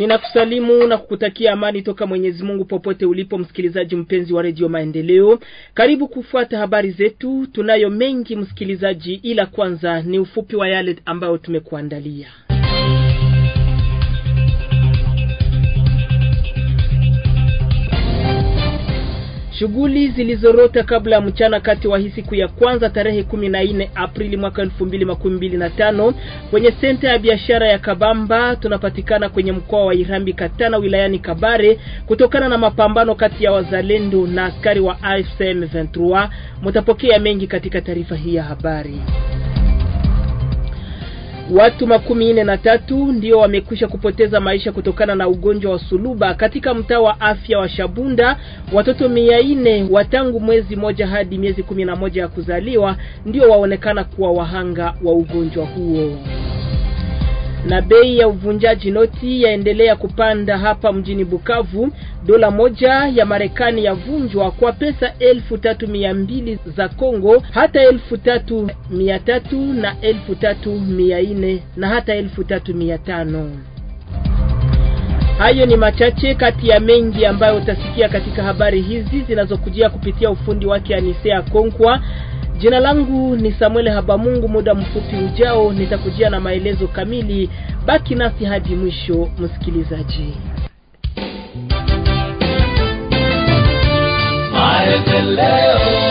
Ninakusalimu na kukutakia amani toka Mwenyezi Mungu popote ulipo msikilizaji mpenzi wa Radio Maendeleo. Karibu kufuata habari zetu. Tunayo mengi msikilizaji, ila kwanza ni ufupi wa yale ambayo tumekuandalia. Shughuli zilizorota kabla ya mchana kati wa hii siku ya kwanza tarehe 14 Aprili mwaka 2025 kwenye senta ya biashara ya Kabamba tunapatikana kwenye mkoa wa Irambi Katana wilayani Kabare kutokana na mapambano kati ya wazalendo na askari wa AFC M23. Mtapokea mengi katika taarifa hii ya habari. Watu makumi ine na tatu ndio wamekwisha kupoteza maisha kutokana na ugonjwa wa suluba katika mtaa wa afya wa Shabunda. Watoto mia ine wa tangu mwezi moja hadi miezi kumi na moja ya kuzaliwa ndio waonekana kuwa wahanga wa ugonjwa huo. Na bei ya uvunjaji noti yaendelea kupanda hapa mjini Bukavu. Dola moja ya Marekani yavunjwa kwa pesa elfu tatu mia mbili za Kongo, hata elfu tatu mia tatu na elfu tatu mia nne na hata elfu tatu mia tano. Hayo ni machache kati ya mengi ambayo utasikia katika habari hizi zinazokujia kupitia ufundi wake Anisea Konkwa. Jina langu ni Samuel Habamungu. Muda mfupi ujao nitakujia na maelezo kamili. Baki nasi hadi mwisho, msikilizaji. Maendeleo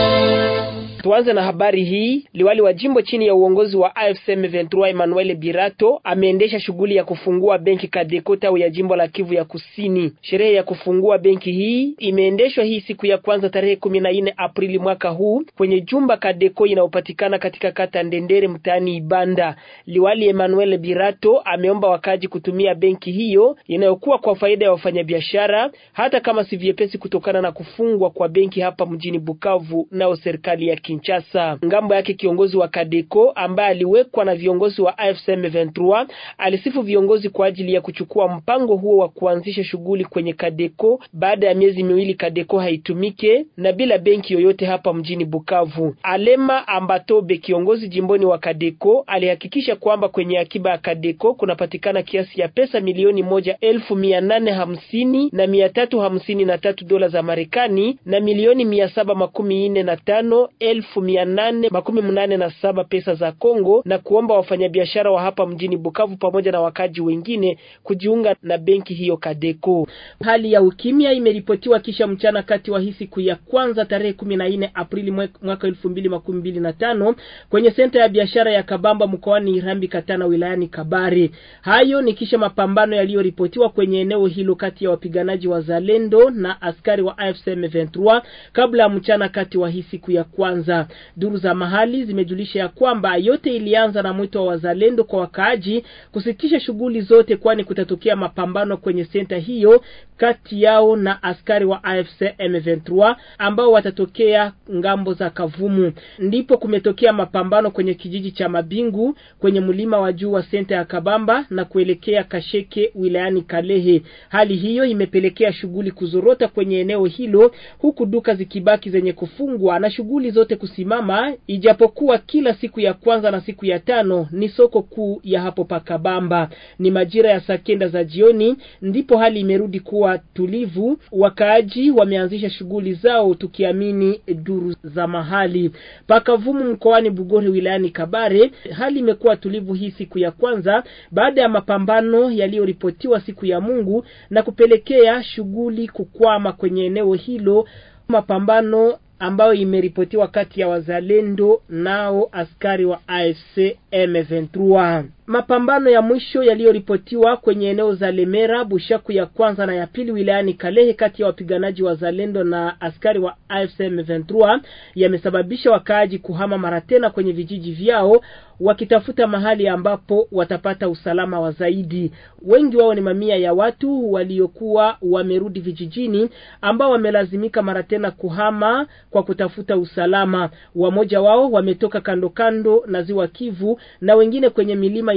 Tuanze na habari hii. Liwali wa jimbo chini ya uongozi wa AFC M23 Emmanuel Birato ameendesha shughuli ya kufungua benki Kadeko tawi ya jimbo la Kivu ya Kusini. Sherehe ya kufungua benki hii imeendeshwa hii siku ya kwanza tarehe kumi na nne Aprili mwaka huu kwenye jumba Kadeko inayopatikana katika kata Ndendere mtaani Ibanda. Liwali Emmanuel Birato ameomba wakaji kutumia benki hiyo inayokuwa kwa faida ya wafanyabiashara, hata kama si vyepesi kutokana na kufungwa kwa benki hapa mjini Bukavu nao serikali ya Kinshasa. Ngambo yake kiongozi wa Kadeko ambaye aliwekwa na viongozi wa AFC M23 alisifu viongozi kwa ajili ya kuchukua mpango huo wa kuanzisha shughuli kwenye Kadeko baada ya miezi miwili Kadeko haitumike na bila benki yoyote hapa mjini Bukavu. Alema Ambatobe, kiongozi jimboni wa Kadeko, alihakikisha kwamba kwenye akiba ya Kadeko kunapatikana kiasi ya pesa milioni moja elfu mia nane hamsini na mia tatu hamsini na tatu dola za Marekani na milioni mia saba makumi nne na tano elfu elfu mia nane makumi mnane na saba pesa za Kongo na kuomba wafanyabiashara wa hapa mjini Bukavu pamoja na wakaji wengine kujiunga na benki hiyo Kadeko. Hali ya ukimya imeripotiwa kisha mchana kati wa hii siku ya kwanza tarehe 14 Aprili mwaka 2025 kwenye senta ya biashara ya Kabamba mkoani Irambi Katana wilayani Kabare. Hayo ni kisha mapambano yaliyoripotiwa kwenye eneo hilo kati ya wapiganaji wa Zalendo na askari wa AFC M23 kabla ya mchana kati wa hii siku ya kwanza Gaza. Duru za mahali zimejulisha ya kwamba yote ilianza na mwito wa wazalendo kwa wakaaji kusitisha shughuli zote, kwani kutatokea mapambano kwenye senta hiyo kati yao na askari wa AFC M23 ambao watatokea ngambo za Kavumu. Ndipo kumetokea mapambano kwenye kijiji cha Mabingu kwenye mlima wa juu wa senta ya Kabamba na kuelekea Kasheke wilayani Kalehe. Hali hiyo imepelekea shughuli kuzorota kwenye eneo hilo huku duka zikibaki zenye kufungwa na shughuli zote kusimama ijapokuwa kila siku ya kwanza na siku ya tano ni soko kuu ya hapo Pakabamba. Ni majira ya saa kenda za jioni ndipo hali imerudi kuwa tulivu. Wakaaji wameanzisha shughuli zao, tukiamini duru za mahali. Pakavumu mkoani Bugore wilayani Kabare, hali imekuwa tulivu hii siku ya kwanza baada ya mapambano yaliyoripotiwa siku ya Mungu na kupelekea shughuli kukwama kwenye eneo hilo mapambano ambayo imeripotiwa kati ya wazalendo nao askari wa AFC M23. Mapambano ya mwisho yaliyoripotiwa kwenye eneo za Lemera, Bushaku ya kwanza na ya pili wilayani Kalehe kati ya wapiganaji wa Zalendo na askari wa AFC M23 yamesababisha wakaaji kuhama mara tena kwenye vijiji vyao wakitafuta mahali ambapo watapata usalama wa zaidi. Wengi wao ni mamia ya watu waliokuwa wamerudi vijijini ambao wamelazimika mara tena kuhama kwa kutafuta usalama. Wamoja wao wametoka kando kando na Ziwa Kivu na wengine kwenye milima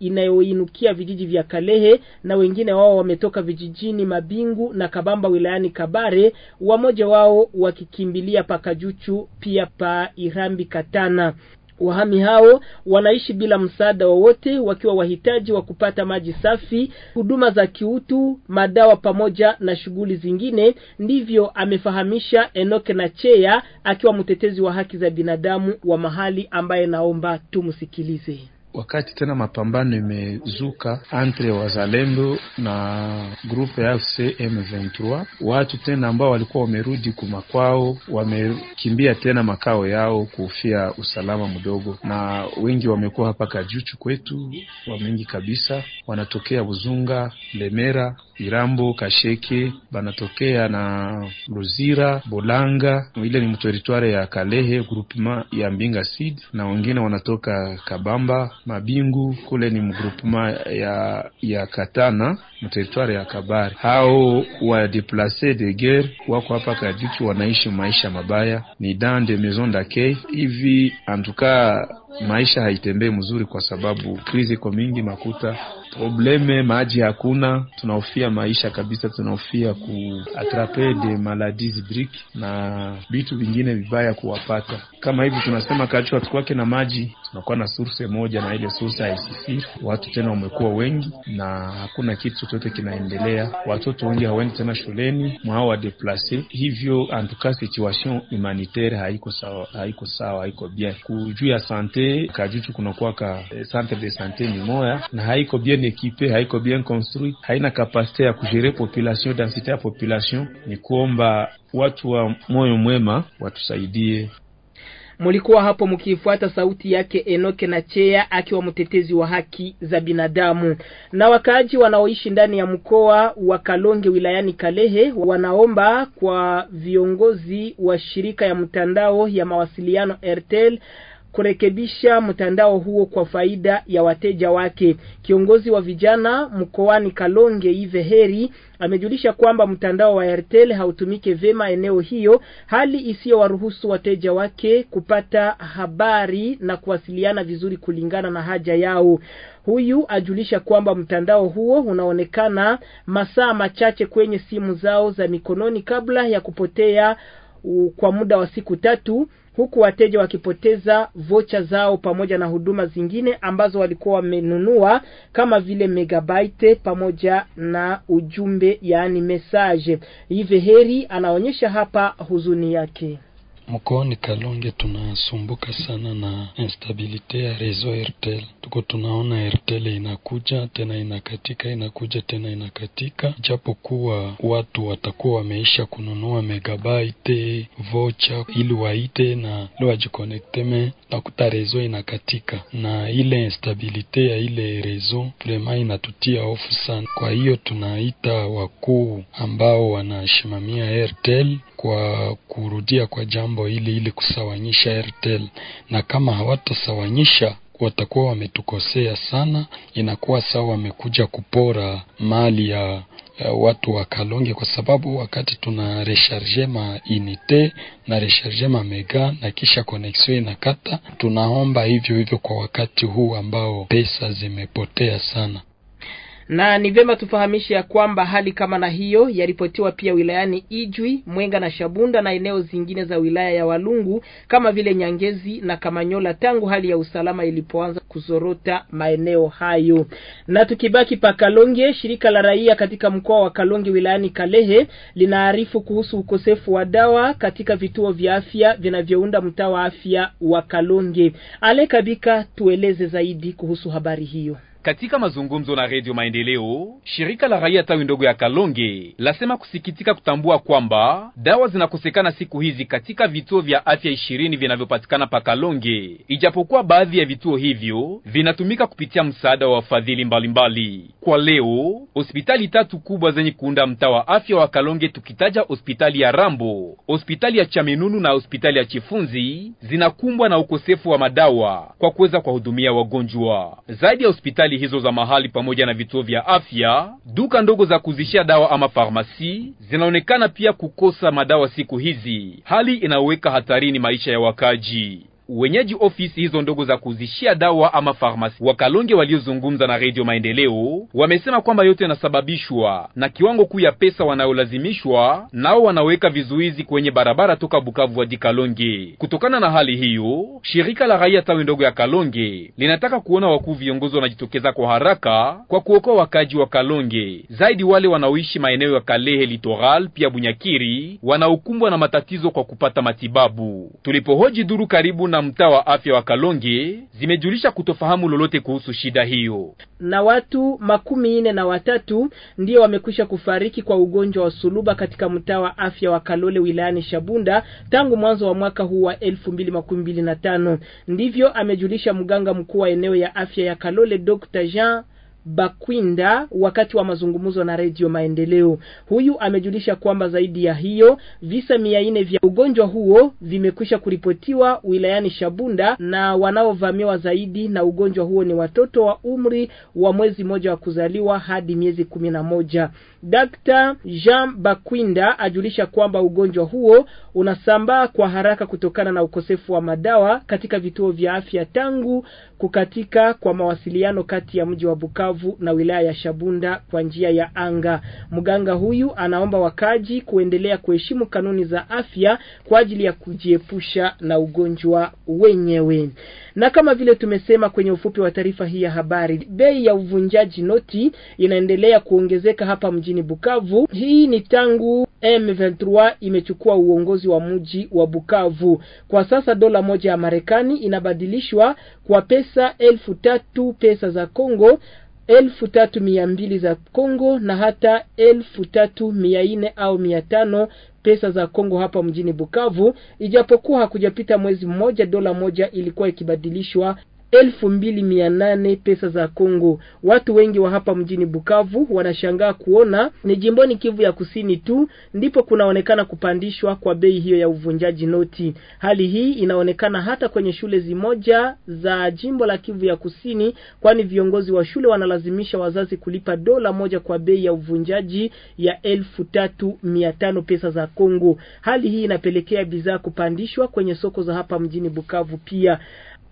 inayoinukia vijiji vya Kalehe na wengine wao wametoka vijijini Mabingu na Kabamba wilayani Kabare, wamoja wao wakikimbilia Pakajuchu pia pa Irambi Katana. Wahami hao wanaishi bila msaada wowote wakiwa wahitaji wa kupata maji safi, huduma za kiutu, madawa pamoja na shughuli zingine. Ndivyo amefahamisha Enoke na Cheya akiwa mtetezi wa haki za binadamu wa mahali ambaye naomba tumsikilize wakati tena mapambano imezuka entre wazalendo na grupe ya AFC M23, watu tena ambao walikuwa wamerudi kumakwao wamekimbia tena makao yao kuhofia usalama mdogo, na wengi wamekuwa hapa Kajuchu kwetu, wa mengi kabisa wanatokea Buzunga, Lemera Irambo, Kasheke banatokea na Luzira, Bolanga, ile ni mteritware ya Kalehe groupement ya Mbinga Sud, na wengine wanatoka Kabamba, Mabingu kule ni groupement ya ya Katana mteritware ya Kabare. Hao wa deplace de guerre wako hapa Kaduki, wanaishi maisha mabaya, ni dans de maison d'accueil hivi antuka maisha haitembei mzuri kwa sababu krizi iko mingi, makuta probleme, maji hakuna, tunahofia maisha kabisa, tunahofia kuatrape de maladies brik na vitu vingine vibaya kuwapata. Kama hivi tunasema kachwa tukwake na maji tunakuwa na surse moja na ile surse ya ICC. Watu tena wamekuwa wengi na hakuna kitu chochote kinaendelea, watoto wengi hawaendi tena shuleni, mwao wadeplace hivyo. Antuka situation humanitaire haiko sawa, haiko sawa, haiko bien kujuu ya sante kajuchu kunakuwa ka eh, centre de sante ni moya na haiko bien equipe, haiko bien construit, haina kapasite ya kugere population, densite ya population. Ni kuomba watu wa moyo mwema watusaidie Mulikuwa hapo mkiifuata sauti yake Enoke na Chea akiwa mtetezi wa haki za binadamu. Na wakaaji wanaoishi ndani ya mkoa wa Kalonge wilayani Kalehe wanaomba kwa viongozi wa shirika ya mtandao ya mawasiliano Airtel kurekebisha mtandao huo kwa faida ya wateja wake. Kiongozi wa vijana mkoani Kalonge Ive Heri amejulisha kwamba mtandao wa Airtel hautumike vema eneo hiyo, hali isiyowaruhusu wateja wake kupata habari na kuwasiliana vizuri kulingana na haja yao. Huyu ajulisha kwamba mtandao huo unaonekana masaa machache kwenye simu zao za mikononi kabla ya kupotea kwa muda wa siku tatu huku wateja wakipoteza vocha zao pamoja na huduma zingine ambazo walikuwa wamenunua kama vile megabyte pamoja na ujumbe yaani message. Hive Heri anaonyesha hapa huzuni yake mkoani Kalonge tunasumbuka sana na instabilite ya rezo Airtel. Tuko tunaona Airtel inakuja tena inakatika, inakuja tena inakatika, japokuwa watu watakuwa wameisha kununua megabaite vocha ili waite na ili wajikonekteme, nakuta rezo inakatika, na ile instabilite ya ile rezo vrema inatutia hofu sana. Kwa hiyo tunaita wakuu ambao wanasimamia Airtel kwa kurudia kwa jambo hili ili kusawanyisha rtl na kama hawatasawanyisha watakuwa wametukosea sana. Inakuwa sawa wamekuja kupora mali ya watu wa Kalonge kwa sababu wakati tuna recharge ma inite na recharge ma mega na kisha connection inakata, tunaomba hivyo hivyo kwa wakati huu ambao pesa zimepotea sana. Na ni vyema tufahamishe ya kwamba hali kama na hiyo yaripotiwa pia wilayani Ijwi, Mwenga na Shabunda na eneo zingine za wilaya ya Walungu kama vile Nyangezi na Kamanyola tangu hali ya usalama ilipoanza kuzorota maeneo hayo. Na tukibaki pa Kalonge, shirika la raia katika mkoa wa Kalonge wilayani Kalehe linaarifu kuhusu ukosefu wa dawa katika vituo vya afya vinavyounda mtaa wa afya wa Kalonge. Ale Kabika, tueleze zaidi kuhusu habari hiyo. Katika mazungumzo na Redio Maendeleo, shirika la raia tawi ndogo ya Kalonge lasema kusikitika kutambua kwamba dawa zinakosekana siku hizi katika vituo vya afya ishirini vinavyopatikana pa Kalonge, ijapokuwa baadhi ya vituo hivyo vinatumika kupitia msaada wa wafadhili mbalimbali. Kwa leo, hospitali tatu kubwa zenye kuunda mtaa wa afya wa Kalonge, tukitaja hospitali ya Rambo, hospitali ya Chaminunu na hospitali ya Chifunzi, zinakumbwa na ukosefu wa madawa kwa kuweza kuwahudumia wagonjwa. Zaidi ya hospitali hospitali hizo za mahali pamoja na vituo vya afya, duka ndogo za kuzishia dawa ama farmasi zinaonekana pia kukosa madawa siku hizi, hali inaweka hatarini maisha ya wakaji wenyeji ofisi hizo ndogo za kuzishia dawa ama farmasi. Wakalonge waliozungumza na Redio Maendeleo wamesema kwamba yote yanasababishwa na kiwango kuu ya pesa wanayolazimishwa nao, wanaweka vizuizi kwenye barabara toka Bukavu hadi Kalonge. Kutokana na hali hiyo, shirika la raia tawi ndogo ya Kalonge linataka kuona wakuu viongozi wanajitokeza kwa haraka kwa kuokoa wakaji wa Kalonge, zaidi wale wanaoishi maeneo ya Kalehe Litoral pia Bunyakiri wanaokumbwa na matatizo kwa kupata matibabu. Tulipohoji duru karibu na na mtaa wa afya wa Kalonge zimejulisha kutofahamu lolote kuhusu shida hiyo, na watu makumi nne na watatu ndio wamekwisha kufariki kwa ugonjwa wa suluba katika mtaa wa afya wa Kalole wilayani Shabunda tangu mwanzo wa mwaka huu wa elfu mbili makumi mbili na tano. Ndivyo amejulisha mganga mkuu wa eneo ya afya ya Kalole Dr. Jean Bakwinda wakati wa mazungumzo na Redio Maendeleo. Huyu amejulisha kwamba zaidi ya hiyo visa mia nne vya ugonjwa huo vimekwisha kuripotiwa wilayani Shabunda, na wanaovamiwa zaidi na ugonjwa huo ni watoto wa umri wa mwezi mmoja wa kuzaliwa hadi miezi kumi na moja. Dr. Jean Bakwinda ajulisha kwamba ugonjwa huo unasambaa kwa haraka kutokana na ukosefu wa madawa katika vituo vya afya tangu kukatika kwa mawasiliano kati ya mji wa Bukavu na wilaya ya Shabunda kwa njia ya anga. Mganga huyu anaomba wakaji kuendelea kuheshimu kanuni za afya kwa ajili ya kujiepusha na ugonjwa wenyewe. Na kama vile tumesema kwenye ufupi wa taarifa hii ya habari, bei ya uvunjaji noti inaendelea kuongezeka hapa mjini mjini Bukavu. Hii ni tangu M23 imechukua uongozi wa mji wa Bukavu. Kwa sasa dola moja ya Marekani inabadilishwa kwa pesa elfu tatu pesa za Kongo elfu tatu mia mbili za Kongo na hata elfu tatu mia nne au mia tano pesa za Kongo hapa mjini Bukavu, ijapokuwa hakujapita mwezi mmoja dola moja ilikuwa ikibadilishwa elfu mbili mia nane pesa za Kongo. Watu wengi wa hapa mjini Bukavu wanashangaa kuona ni jimboni Kivu ya Kusini tu ndipo kunaonekana kupandishwa kwa bei hiyo ya uvunjaji noti. Hali hii inaonekana hata kwenye shule zimoja za jimbo la Kivu ya Kusini, kwani viongozi wa shule wanalazimisha wazazi kulipa dola moja kwa bei ya uvunjaji ya elfu tatu mia tano pesa za Kongo. Hali hii inapelekea bidhaa kupandishwa kwenye soko za hapa mjini Bukavu pia.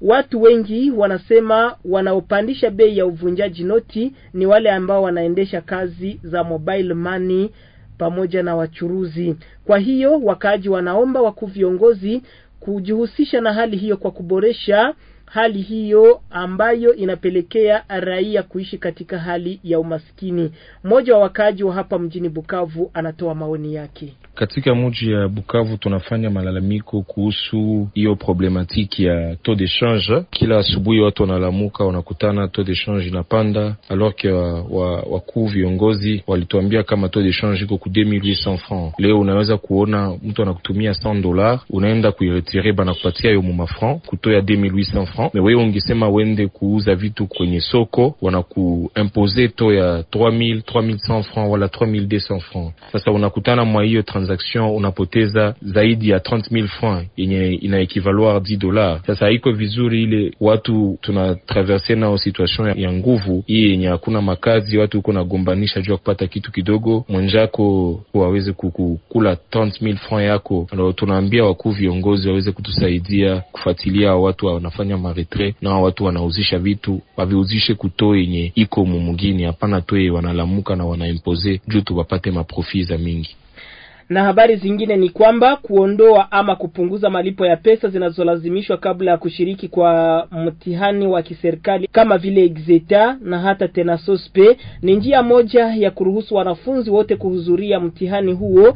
Watu wengi wanasema wanaopandisha bei ya uvunjaji noti ni wale ambao wanaendesha kazi za mobile money pamoja na wachuruzi. Kwa hiyo wakaaji wanaomba wakuu viongozi kujihusisha na hali hiyo kwa kuboresha hali hiyo ambayo inapelekea raia kuishi katika hali ya umaskini. Mmoja wa wakaaji wa hapa mjini Bukavu anatoa maoni yake. Katika mji ya Bukavu tunafanya malalamiko kuhusu hiyo problematiki ya taux de change. Kila asubuhi watu wanalamuka, wanakutana taux de change inapanda, alors que wakuu wa, wa viongozi walituambia kama taux de change iko ku 2800 francs. Leo unaweza kuona mtu anakutumia 100 dollars, unaenda kuiretire banakupatia yo muma franc kutoya 2800 francs me Wewe ungesema wende kuuza vitu kwenye soko, wanakuimpose to ya 3000 3100 francs wala 3200 francs. Sasa unakutana mwa hiyo transaction unapoteza zaidi ya 30000 francs yenye ina equivaloir 10 dollars. Sasa iko vizuri ile watu tunatraverse nao situation ya nguvu hii yenye hakuna makazi, watu uko nagombanisha juu ya kupata kitu kidogo, mwenjako waweze kukula 30000 francs yako. Tunaambia wakuu viongozi waweze kutusaidia kufuatilia watu wanafanya maretre na watu wanauzisha vitu waviuzishe kutoa yenye iko mumugini, hapana toe wanalamuka na wanaimpoze juu tu wapate maprofi za mingi na habari zingine ni kwamba kuondoa ama kupunguza malipo ya pesa zinazolazimishwa kabla ya kushiriki kwa mtihani wa kiserikali kama vile exeta na hata tena sospe ni njia moja ya kuruhusu wanafunzi wote kuhudhuria mtihani huo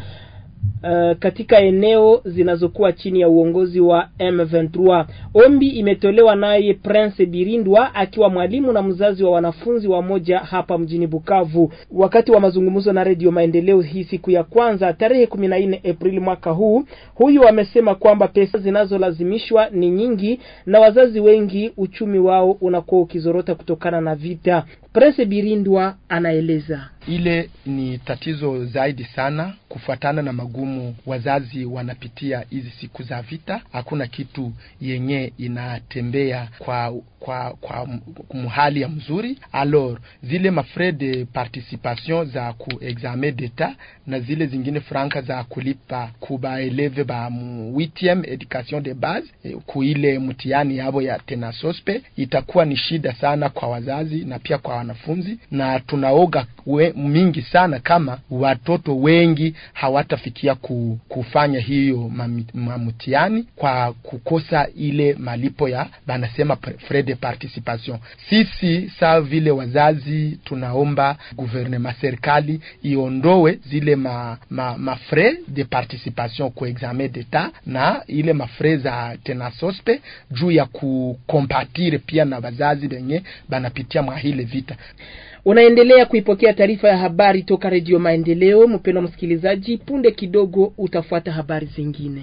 Uh, katika eneo zinazokuwa chini ya uongozi wa M23. Ombi imetolewa naye Prince Birindwa akiwa mwalimu na mzazi wa wanafunzi wa moja hapa mjini Bukavu, wakati wa mazungumzo na Redio Maendeleo hii siku ya kwanza tarehe 14 Aprili mwaka huu. Huyu amesema kwamba pesa zinazolazimishwa ni nyingi na wazazi wengi uchumi wao unakuwa ukizorota kutokana na vita. Prince Birindwa anaeleza. Ile ni tatizo zaidi sana kufuatana na magumu wazazi wanapitia hizi siku za vita. Hakuna kitu yenye inatembea kwa kwa kwa mhali ya mzuri alors zile mafrais de participation za ku examen d'etat na zile zingine franka za kulipa kubaeleve ba mu 8e education de base eh, kuile mtihani yabo ya sospe itakuwa ni shida sana kwa wazazi na pia kwa wanafunzi, na tunaoga we, mingi sana kama watoto wengi hawatafikia ku, kufanya hiyo mamtihani kwa kukosa ile malipo ya banasema Fred de participation. Sisi sa vile wazazi tunaomba guvernema serikali iondoe zile ma, ma, mafre de participation ku examen d'etat na ile mafre za tenasospe juu ya kukompatire pia na wazazi benye banapitia mwa hile vita. Unaendelea kuipokea taarifa ya habari toka Redio Maendeleo. Mpendwa msikilizaji, punde kidogo utafuata habari zingine.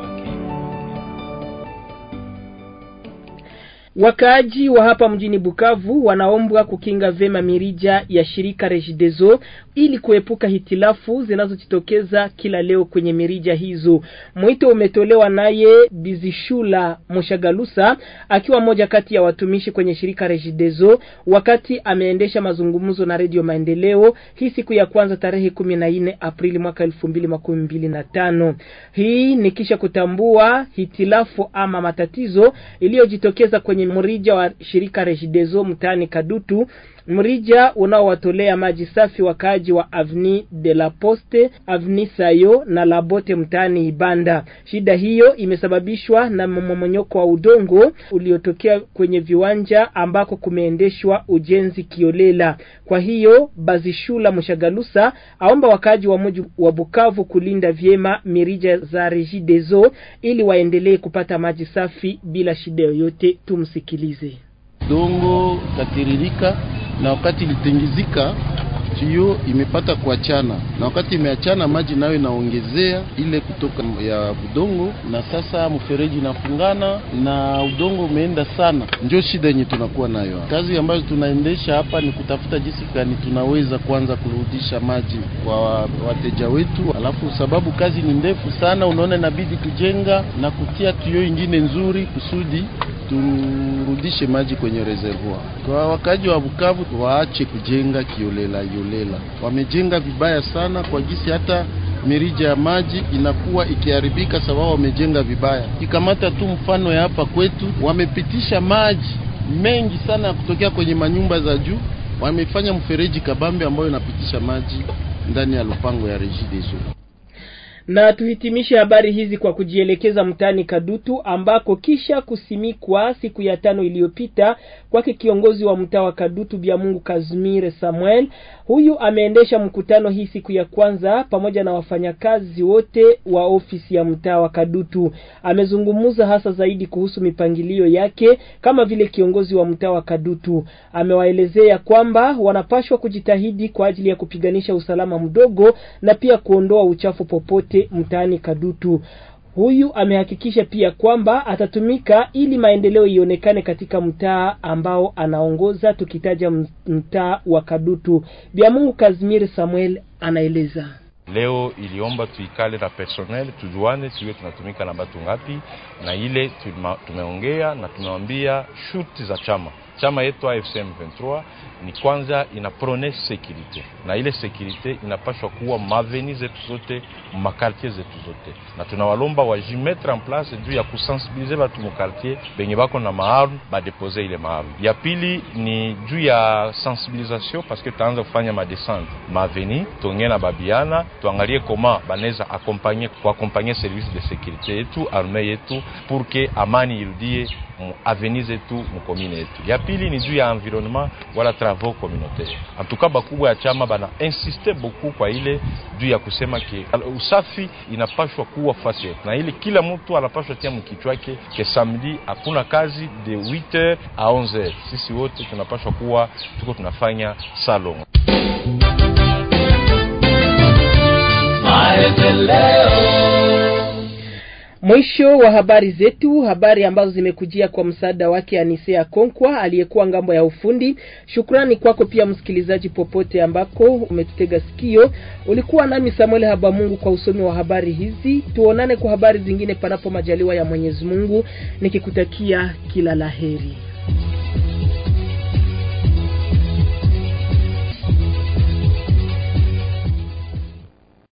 Wakaaji wa hapa mjini Bukavu wanaombwa kukinga vema mirija ya shirika Rejidezo ili kuepuka hitilafu zinazojitokeza kila leo kwenye mirija hizo. Mwito umetolewa naye Bizishula mshagalusa akiwa mmoja kati ya watumishi kwenye shirika Rejidezo wakati ameendesha mazungumzo na Radio Maendeleo hii siku ya kwanza tarehe 14 Aprili mwaka 2025. Hii ni kisha kutambua hitilafu ama matatizo iliyojitokeza kwenye Anthony Murija wa shirika Rejidezo mtaani Kadutu mrija unaowatolea maji safi wakaaji wa Avni de la Poste, Avni Sayo na Labote mtaani Ibanda. Shida hiyo imesababishwa na mmomonyoko wa udongo uliotokea kwenye viwanja ambako kumeendeshwa ujenzi kiolela. Kwa hiyo Bazishula Mshagalusa aomba wakaaji wa mji wa Bukavu kulinda vyema mirija za Regideso ili waendelee kupata maji safi bila shida yoyote. Tumsikilize. Dongo katiririka na wakati ilitingizika tuyoo imepata kuachana, na wakati imeachana maji nayo inaongezea ile kutoka ya udongo, na sasa mfereji inafungana na udongo umeenda sana. Ndio shida yenye tunakuwa nayo. Kazi ambayo tunaendesha hapa ni kutafuta jinsi gani tunaweza kwanza kurudisha maji kwa wateja wetu, alafu sababu kazi ni ndefu sana, unaona inabidi kujenga na kutia tuyo ingine nzuri kusudi turudishe maji kwenye reservoir. Kwa wakaji wa Bukavu waache kujenga kiolela yolela kiolela. Wamejenga vibaya sana kwa jinsi hata mirija ya maji inakuwa ikiharibika sababu wamejenga vibaya. Kikamata tu mfano ya hapa kwetu, wamepitisha maji mengi sana ya kutokea kwenye manyumba za juu, wamefanya mfereji kabambe ambayo inapitisha maji ndani ya lupango ya Regideso. Na tuhitimishe habari hizi kwa kujielekeza mtaani Kadutu ambako kisha kusimikwa siku ya tano iliyopita kwake kiongozi wa mtaa wa Kadutu Bya Mungu Kazimire Samuel Huyu ameendesha mkutano hii siku ya kwanza pamoja na wafanyakazi wote wa ofisi ya mtaa wa Kadutu. Amezungumza hasa zaidi kuhusu mipangilio yake kama vile kiongozi wa mtaa wa Kadutu. Amewaelezea kwamba wanapashwa kujitahidi kwa ajili ya kupiganisha usalama mdogo na pia kuondoa uchafu popote mtaani Kadutu. Huyu amehakikisha pia kwamba atatumika ili maendeleo ionekane katika mtaa ambao anaongoza, tukitaja mtaa wa Kadutu. mungu Kazimir Samuel anaeleza. Leo iliomba tuikale na personnel tujuane, tuwe tunatumika na batu ngapi, na ile tumeongea na tumewambia shuti za chama chama yetu afcm 23 ni kwanza inaprone sekirite, na ile sekirite inapashwa kuwa maveni zetu zote makartier zetu zote, na tunawalomba wajimetre en place juu ya kusensibilize batu mukartier benye bako na maarme badepose ile maarme. Ya pili ni juu ya sensibilisation, paske tutaanza kufanya madesante maveni, tuongee na babiana, tuangalie koma baneza akompanye kuakompanye service de sekirite yetu arme yetu, pour que amani irudie mu aveni zetu mu yetu. Ya pili, pili ni juu ya environnement wala travaux communautaire. Antuka bakubwa ya chama bana insiste boku kwa ile juu ya kusema ke usafi inapashwa kuwa fasi yote, na ili kila mtu anapashwa tia mkichwake ke samedi hakuna kazi de 8h a 11h. Sisi wote tunapashwa kuwa tuko tunafanya salon Mwisho wa habari zetu, habari ambazo zimekujia kwa msaada wake Anisea Konkwa aliyekuwa ngambo ya ufundi. Shukrani kwako pia msikilizaji, popote ambako umetutega sikio. Ulikuwa nami Samuel Habamungu kwa usomi wa habari hizi. Tuonane kwa habari zingine, panapo majaliwa ya Mwenyezi Mungu, nikikutakia kila laheri.